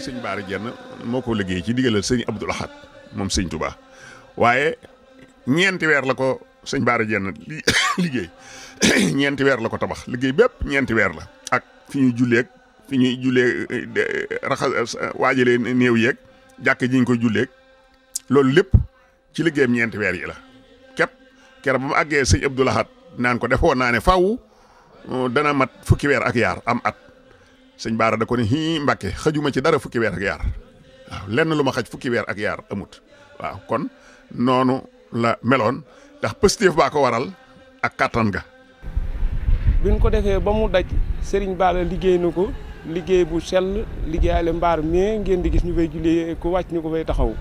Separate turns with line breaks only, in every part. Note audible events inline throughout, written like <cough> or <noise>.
sëñ Baara Jenn moo ko liggéey ci diggalal sëñ Abdul Ahad moom sëñ Touba waaye ñeenti weer la ko sëñ Baara Jenn <coughs> liggéey <coughs> ñeenti weer la ko tabax liggéey bépp ñeenti weer la ak fi ñuy julleeg fi ñuy jullee raxas waajalee néew yeeg jàkk jiñ ñu koy julleeg loolu lépp ci liggéeyam ñeenti weer yi la képp keroog ba àggee sëñ Abdul Ahad naan ko defoon naa ne faaw dana mat fukki weer ak yaar am at. sëñ Baara da ko ne hii Mbàkke xajuma ci dara fukki weer ak yaar waaw lenn lu ma xaj fukki weer ak yaar amut waaw kon noonu la meloon ndax pëstéef baa ko waral ak kàttan ga
bi biñ ko defee ba mu daj sëriñ Baara liggéey na ko liggéey bu sell liggéeyale mbaar mais ngeen di gis ñu fay jullee ku wàcc ñu ko fay taxaw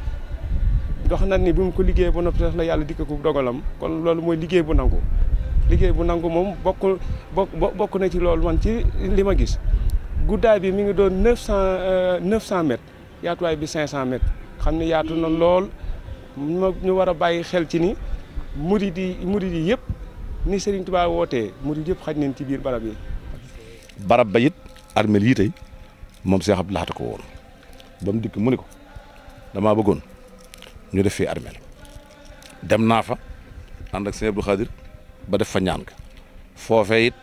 dox na ni bi mu ko liggéey ba noppi sax la yàlla dikk ko dogalam kon loolu mooy liggéey bu nangu liggéey bu nangu moom bokk bokk bokk na ci loolu man ci li ma gis guddaay bii mi ngi doon neuf cent euh, neuf cent mètres yaatuwaay bi cinq cent mètres xam ne yaatu na lool ñu war a bàyyi xel ci ni murid yi murid yi yëpp ni Serigne wootee murid yëpp xaj nañ ci biir barab yi.
barab ba it armel yi moom Cheikh Abdou Lahad ko woon ba mu dikk mu ni ko damaa bëggoon ñu def fii armel dem naa fa ànd ak Serigne Abdou Khadir ba def fa ñaan ga foofee it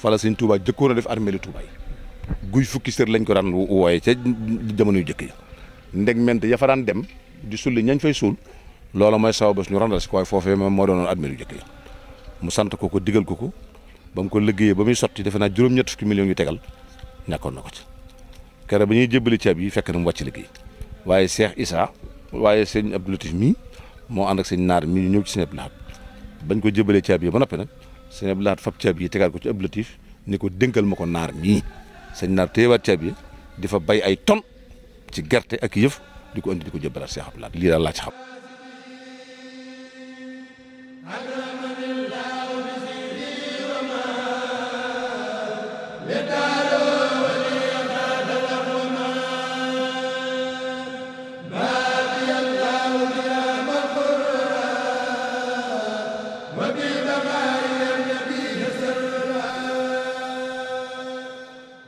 fa la Serigne Touba jëkkoon a def armel yi Touba guy fukki sër lañ ko daan wooye ca jamono yu jëkk yi ndeg ment ya fa daan dem di sulli ñañ fay suul loola mooy saw su ñu randal si ko waaye foofee moom moo doonoon admir yu jëkk yi mu sant ko ko digal ko ko ba mu ko liggéeyee ba muy sotti defe naa juróom-ñett fukki millions yu tegal ñàkkoon na ko ci kere ba ñuy jébbali ceeb yi fekk na mu wàcc liggéey waaye Cheikh Issa waaye sëñ Abdou Latif mii moo ànd ak sëñ naar mii ñu ñëw ci sëñ Abdou Lahat ko jébbalee ceeb yi ba noppi nag sëñ Abdou fab ceeb yi tegal ko ci Abdou Latif ni ko dénkal ma ko naar mii sëñ naar téyewaat ceeb yi di difa bay ay ton ci gerte ak yëf di ko indi di ko jëbbalaat Cheikh Abdoulaye lii daal laa ci xam